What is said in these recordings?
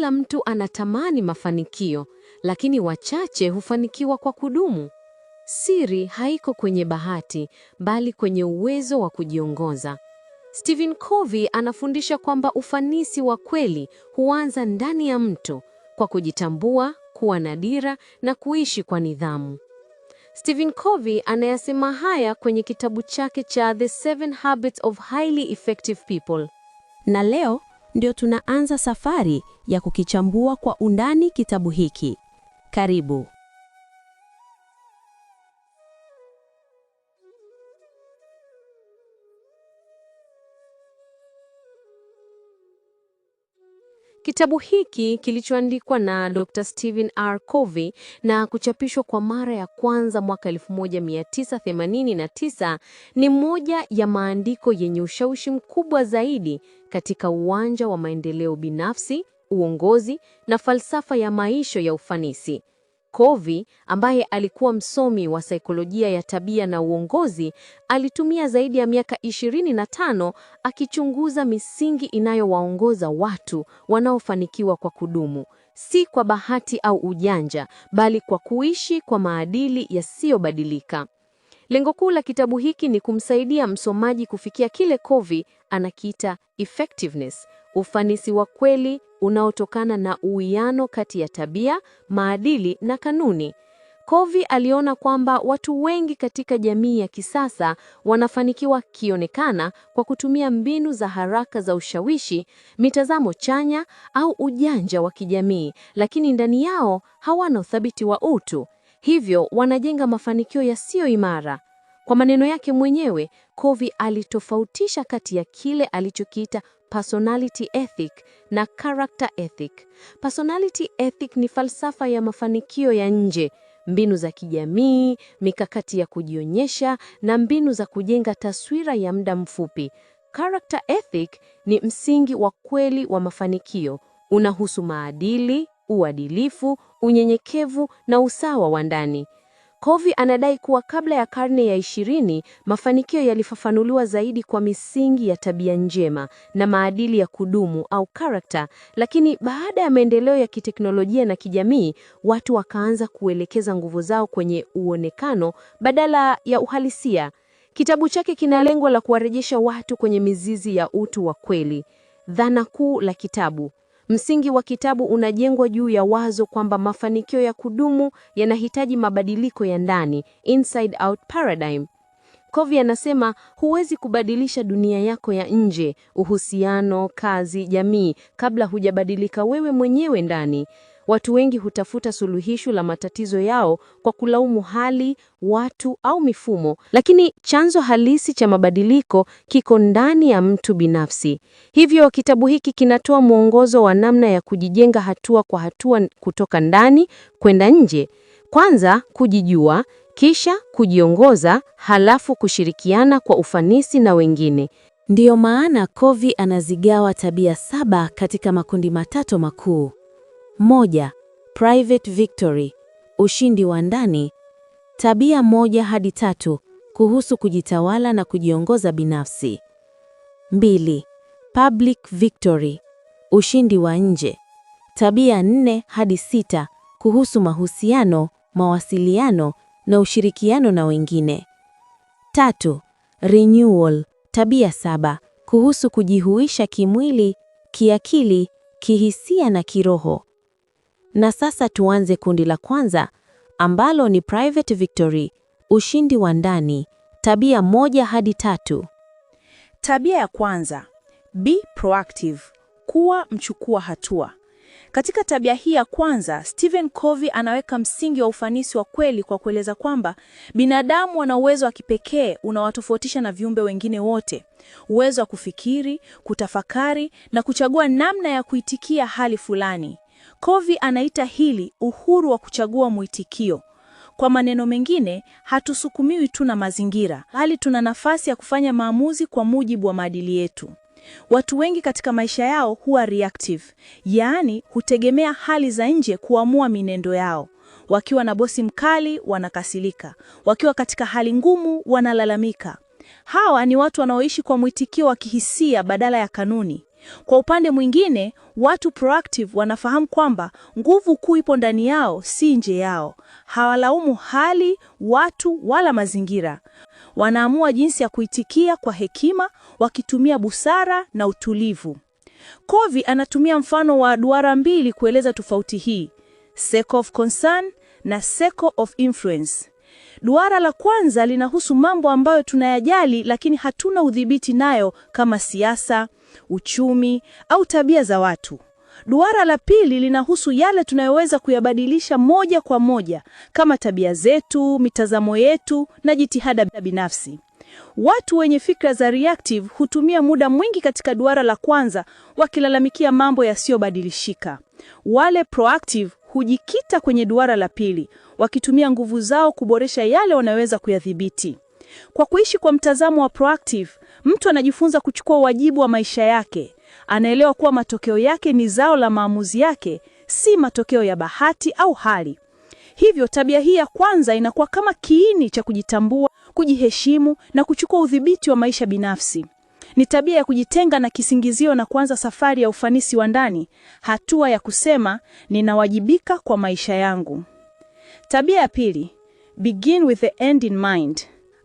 Kila mtu anatamani mafanikio, lakini wachache hufanikiwa kwa kudumu. Siri haiko kwenye bahati, bali kwenye uwezo wa kujiongoza. Stephen Covey anafundisha kwamba ufanisi wa kweli huanza ndani ya mtu, kwa kujitambua, kuwa na dira na kuishi kwa nidhamu. Stephen Covey anayasema haya kwenye kitabu chake cha The Seven Habits of Highly Effective People. Na leo ndio tunaanza safari ya kukichambua kwa undani kitabu hiki. Karibu. Kitabu hiki kilichoandikwa na Dr. Stephen R. Covey na kuchapishwa kwa mara ya kwanza mwaka 1989 ni moja ya maandiko yenye ushawishi mkubwa zaidi katika uwanja wa maendeleo binafsi, uongozi na falsafa ya maisha ya ufanisi. Covey ambaye alikuwa msomi wa saikolojia ya tabia na uongozi alitumia zaidi ya miaka 25 akichunguza misingi inayowaongoza watu wanaofanikiwa kwa kudumu, si kwa bahati au ujanja, bali kwa kuishi kwa maadili yasiyobadilika. Lengo kuu la kitabu hiki ni kumsaidia msomaji kufikia kile Covey anakiita effectiveness, ufanisi wa kweli unaotokana na uwiano kati ya tabia, maadili na kanuni. Covey aliona kwamba watu wengi katika jamii ya kisasa wanafanikiwa kionekana kwa kutumia mbinu za haraka za ushawishi, mitazamo chanya au ujanja wa kijamii, lakini ndani yao hawana uthabiti wa utu. Hivyo wanajenga mafanikio yasiyo imara. Kwa maneno yake mwenyewe, Covey alitofautisha kati ya kile alichokiita personality ethic na character ethic. Personality ethic ni falsafa ya mafanikio ya nje, mbinu za kijamii, mikakati ya kujionyesha na mbinu za kujenga taswira ya muda mfupi. Character ethic ni msingi wa kweli wa mafanikio, unahusu maadili, uadilifu, unyenyekevu na usawa wa ndani. Covey anadai kuwa kabla ya karne ya ishirini, mafanikio yalifafanuliwa zaidi kwa misingi ya tabia njema na maadili ya kudumu au character, lakini baada ya maendeleo ya kiteknolojia na kijamii, watu wakaanza kuelekeza nguvu zao kwenye uonekano badala ya uhalisia. Kitabu chake kina lengo la kuwarejesha watu kwenye mizizi ya utu wa kweli. Dhana kuu la kitabu Msingi wa kitabu unajengwa juu ya wazo kwamba mafanikio ya kudumu yanahitaji mabadiliko ya ndani, inside out paradigm. Covey anasema huwezi kubadilisha dunia yako ya nje, uhusiano, kazi, jamii kabla hujabadilika wewe mwenyewe ndani. Watu wengi hutafuta suluhisho la matatizo yao kwa kulaumu hali, watu au mifumo, lakini chanzo halisi cha mabadiliko kiko ndani ya mtu binafsi. Hivyo kitabu hiki kinatoa mwongozo wa namna ya kujijenga hatua kwa hatua, kutoka ndani kwenda nje. Kwanza kujijua, kisha kujiongoza, halafu kushirikiana kwa ufanisi na wengine. Ndiyo maana Covey anazigawa tabia saba katika makundi matatu makuu. Moja, private victory, ushindi wa ndani. Tabia moja hadi tatu kuhusu kujitawala na kujiongoza binafsi. Mbili, public victory, ushindi wa nje. Tabia nne hadi sita kuhusu mahusiano, mawasiliano na ushirikiano na wengine. Tatu, renewal, tabia saba kuhusu kujihuisha kimwili, kiakili, kihisia na kiroho. Na sasa tuanze kundi la kwanza ambalo ni private victory, ushindi wa ndani, tabia moja hadi tatu. Tabia ya kwanza, be proactive, kuwa mchukua hatua. Katika tabia hii ya kwanza, Stephen Covey anaweka msingi wa ufanisi wa kweli kwa kueleza kwamba binadamu wana uwezo wa kipekee unawatofautisha na viumbe wengine wote, uwezo wa kufikiri, kutafakari na kuchagua namna ya kuitikia hali fulani. Covey anaita hili uhuru wa kuchagua mwitikio. Kwa maneno mengine, hatusukumiwi tu na mazingira, bali tuna nafasi ya kufanya maamuzi kwa mujibu wa maadili yetu. Watu wengi katika maisha yao huwa reactive, yaani hutegemea hali za nje kuamua minendo yao. Wakiwa na bosi mkali, wanakasilika. Wakiwa katika hali ngumu, wanalalamika. Hawa ni watu wanaoishi kwa mwitikio wa kihisia badala ya kanuni. Kwa upande mwingine, watu proactive wanafahamu kwamba nguvu kuu ipo ndani yao, si nje yao. Hawalaumu hali, watu wala mazingira. Wanaamua jinsi ya kuitikia kwa hekima, wakitumia busara na utulivu. Covey anatumia mfano wa duara mbili kueleza tofauti hii, circle of concern na circle of influence. Duara la kwanza linahusu mambo ambayo tunayajali lakini hatuna udhibiti nayo kama siasa uchumi au tabia za watu. Duara la pili linahusu yale tunayoweza kuyabadilisha moja kwa moja kama tabia zetu, mitazamo yetu na jitihada binafsi. Watu wenye fikra za reactive hutumia muda mwingi katika duara la kwanza wakilalamikia mambo yasiyobadilishika. Wale proactive hujikita kwenye duara la pili wakitumia nguvu zao kuboresha yale wanayoweza kuyadhibiti. Kwa kuishi kwa mtazamo wa proactive, Mtu anajifunza kuchukua wajibu wa maisha yake, anaelewa kuwa matokeo yake ni zao la maamuzi yake, si matokeo ya bahati au hali. Hivyo tabia hii ya kwanza inakuwa kama kiini cha kujitambua, kujiheshimu na kuchukua udhibiti wa maisha binafsi. Ni tabia ya kujitenga na kisingizio na kuanza safari ya ufanisi wa ndani, hatua ya kusema ninawajibika kwa maisha yangu. Tabia ya pili, begin with the end in mind,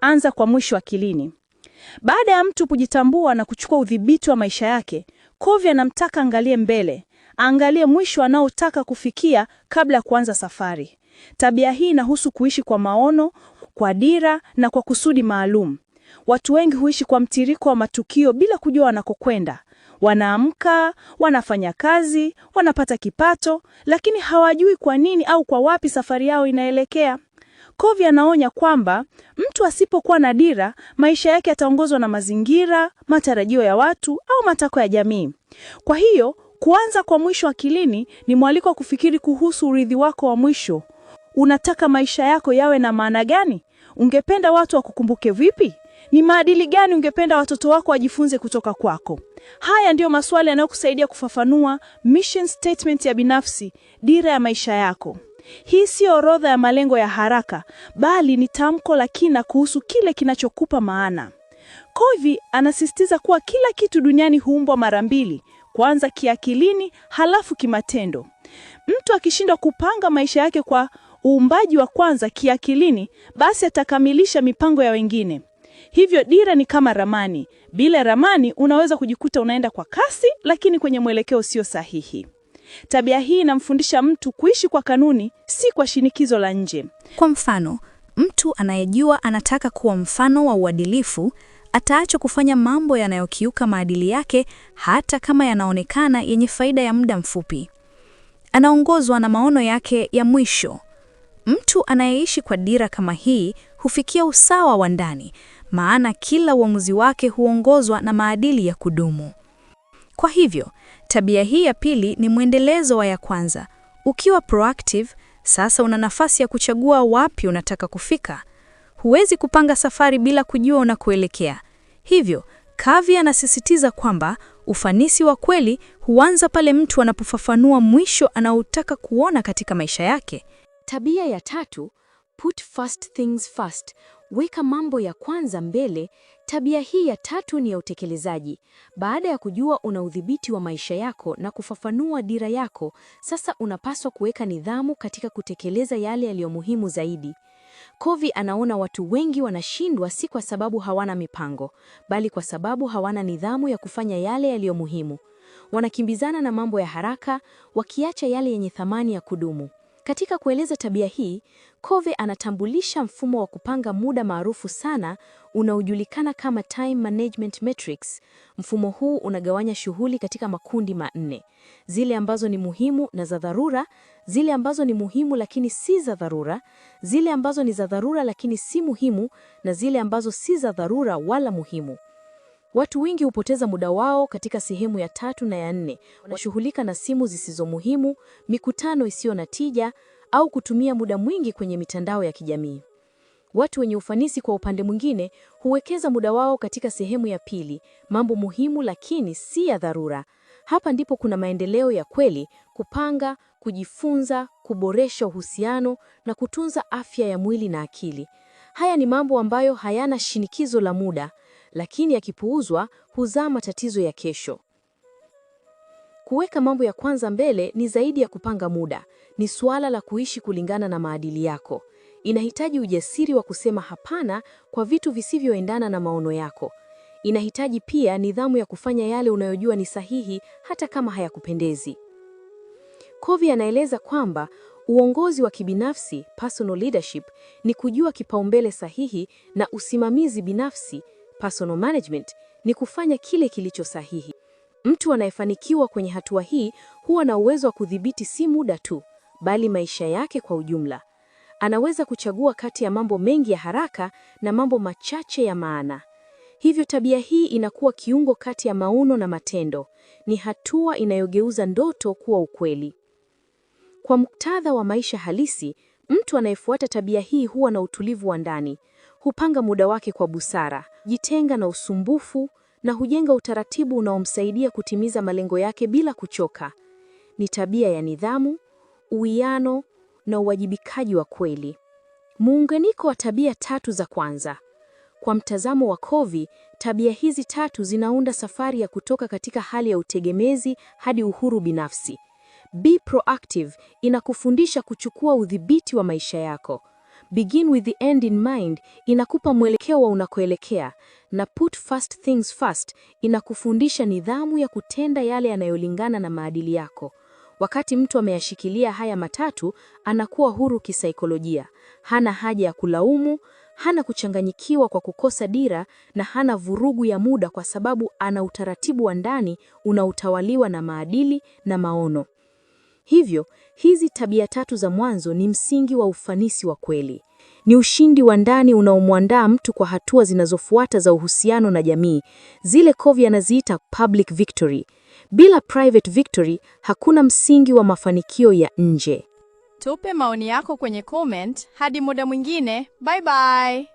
anza kwa mwisho akilini. Baada ya mtu kujitambua na kuchukua udhibiti wa maisha yake, Covey anamtaka angalie mbele, aangalie mwisho anaotaka kufikia kabla ya kuanza safari. Tabia hii inahusu kuishi kwa maono, kwa dira na kwa kusudi maalum. Watu wengi huishi kwa mtiririko wa matukio bila kujua wanakokwenda. Wanaamka, wanafanya kazi, wanapata kipato, lakini hawajui kwa nini au kwa wapi safari yao inaelekea. Covey anaonya kwamba mtu asipokuwa na dira, maisha yake yataongozwa na mazingira, matarajio ya watu au matakwa ya jamii. Kwa hiyo kuanza kwa mwisho akilini ni mwaliko wa kufikiri kuhusu urithi wako wa mwisho. Unataka maisha yako yawe na maana gani? Ungependa watu wakukumbuke vipi? Ni maadili gani ungependa watoto wako wajifunze kutoka kwako? Haya ndiyo maswali yanayokusaidia kufafanua mission statement ya binafsi, dira ya maisha yako. Hii sio orodha ya malengo ya haraka, bali ni tamko la kina kuhusu kile kinachokupa maana. Covey anasisitiza kuwa kila kitu duniani huumbwa mara mbili, kwanza kiakilini, halafu kimatendo. Mtu akishindwa kupanga maisha yake kwa uumbaji wa kwanza kiakilini, basi atakamilisha mipango ya wengine. Hivyo dira ni kama ramani. Bila ramani unaweza kujikuta unaenda kwa kasi, lakini kwenye mwelekeo usio sahihi. Tabia hii inamfundisha mtu kuishi kwa kanuni, si kwa shinikizo la nje. Kwa mfano, mtu anayejua anataka kuwa mfano wa uadilifu ataacha kufanya mambo yanayokiuka maadili yake, hata kama yanaonekana yenye faida ya muda mfupi. Anaongozwa na maono yake ya mwisho. Mtu anayeishi kwa dira kama hii hufikia usawa wa ndani, maana kila uamuzi wake huongozwa na maadili ya kudumu. Kwa hivyo Tabia hii ya pili ni mwendelezo wa ya kwanza. Ukiwa proactive, sasa una nafasi ya kuchagua wapi unataka kufika. Huwezi kupanga safari bila kujua unakoelekea. Hivyo, Kavi anasisitiza kwamba ufanisi wa kweli huanza pale mtu anapofafanua mwisho anaotaka kuona katika maisha yake. Tabia ya tatu, put first things first. Weka mambo ya kwanza mbele Tabia hii ya tatu ni ya utekelezaji. Baada ya kujua una udhibiti wa maisha yako na kufafanua dira yako, sasa unapaswa kuweka nidhamu katika kutekeleza yale yaliyo muhimu zaidi. Covey anaona watu wengi wanashindwa si kwa sababu hawana mipango, bali kwa sababu hawana nidhamu ya kufanya yale yaliyo muhimu. Wanakimbizana na mambo ya haraka, wakiacha yale yenye thamani ya kudumu. Katika kueleza tabia hii, Covey anatambulisha mfumo wa kupanga muda maarufu sana unaojulikana kama time management matrix. Mfumo huu unagawanya shughuli katika makundi manne: zile ambazo ni muhimu na za dharura, zile ambazo ni muhimu lakini si za dharura, zile ambazo ni za dharura lakini si muhimu, na zile ambazo si za dharura wala muhimu. Watu wengi hupoteza muda wao katika sehemu ya tatu na ya nne, wanashughulika na simu zisizo muhimu, mikutano isiyo na tija, au kutumia muda mwingi kwenye mitandao ya kijamii. Watu wenye ufanisi, kwa upande mwingine, huwekeza muda wao katika sehemu ya pili, mambo muhimu lakini si ya dharura. Hapa ndipo kuna maendeleo ya kweli: kupanga, kujifunza, kuboresha uhusiano na kutunza afya ya mwili na akili. Haya ni mambo ambayo hayana shinikizo la muda lakini yakipuuzwa huzaa matatizo ya kesho. Kuweka mambo ya kwanza mbele ni zaidi ya kupanga muda, ni suala la kuishi kulingana na maadili yako. Inahitaji ujasiri wa kusema hapana kwa vitu visivyoendana na maono yako. Inahitaji pia nidhamu ya kufanya yale unayojua ni sahihi hata kama hayakupendezi. Covey anaeleza kwamba uongozi wa kibinafsi, personal leadership, ni kujua kipaumbele sahihi na usimamizi binafsi Personal management ni kufanya kile kilicho sahihi. Mtu anayefanikiwa kwenye hatua hii huwa na uwezo wa kudhibiti si muda tu, bali maisha yake kwa ujumla. Anaweza kuchagua kati ya mambo mengi ya haraka na mambo machache ya maana. Hivyo tabia hii inakuwa kiungo kati ya mauno na matendo, ni hatua inayogeuza ndoto kuwa ukweli. Kwa muktadha wa maisha halisi, mtu anayefuata tabia hii huwa na utulivu wa ndani hupanga muda wake kwa busara, jitenga na usumbufu na hujenga utaratibu unaomsaidia kutimiza malengo yake bila kuchoka. Ni tabia ya nidhamu, uwiano na uwajibikaji wa kweli. Muunganiko wa tabia tatu za kwanza. Kwa mtazamo wa Covey, tabia hizi tatu zinaunda safari ya kutoka katika hali ya utegemezi hadi uhuru binafsi. Be proactive inakufundisha kuchukua udhibiti wa maisha yako. Begin with the end in mind inakupa mwelekeo wa unakoelekea, na put first things first inakufundisha nidhamu ya kutenda yale yanayolingana na maadili yako. Wakati mtu ameyashikilia haya matatu, anakuwa huru kisaikolojia. Hana haja ya kulaumu, hana kuchanganyikiwa kwa kukosa dira, na hana vurugu ya muda, kwa sababu ana utaratibu wa ndani unaotawaliwa na maadili na maono. Hivyo, hizi tabia tatu za mwanzo ni msingi wa ufanisi wa kweli. Ni ushindi wa ndani unaomwandaa mtu kwa hatua zinazofuata za uhusiano na jamii. Zile Covey anaziita public victory. Bila private victory, hakuna msingi wa mafanikio ya nje. Tupe maoni yako kwenye comment. Hadi muda mwingine, bye bye.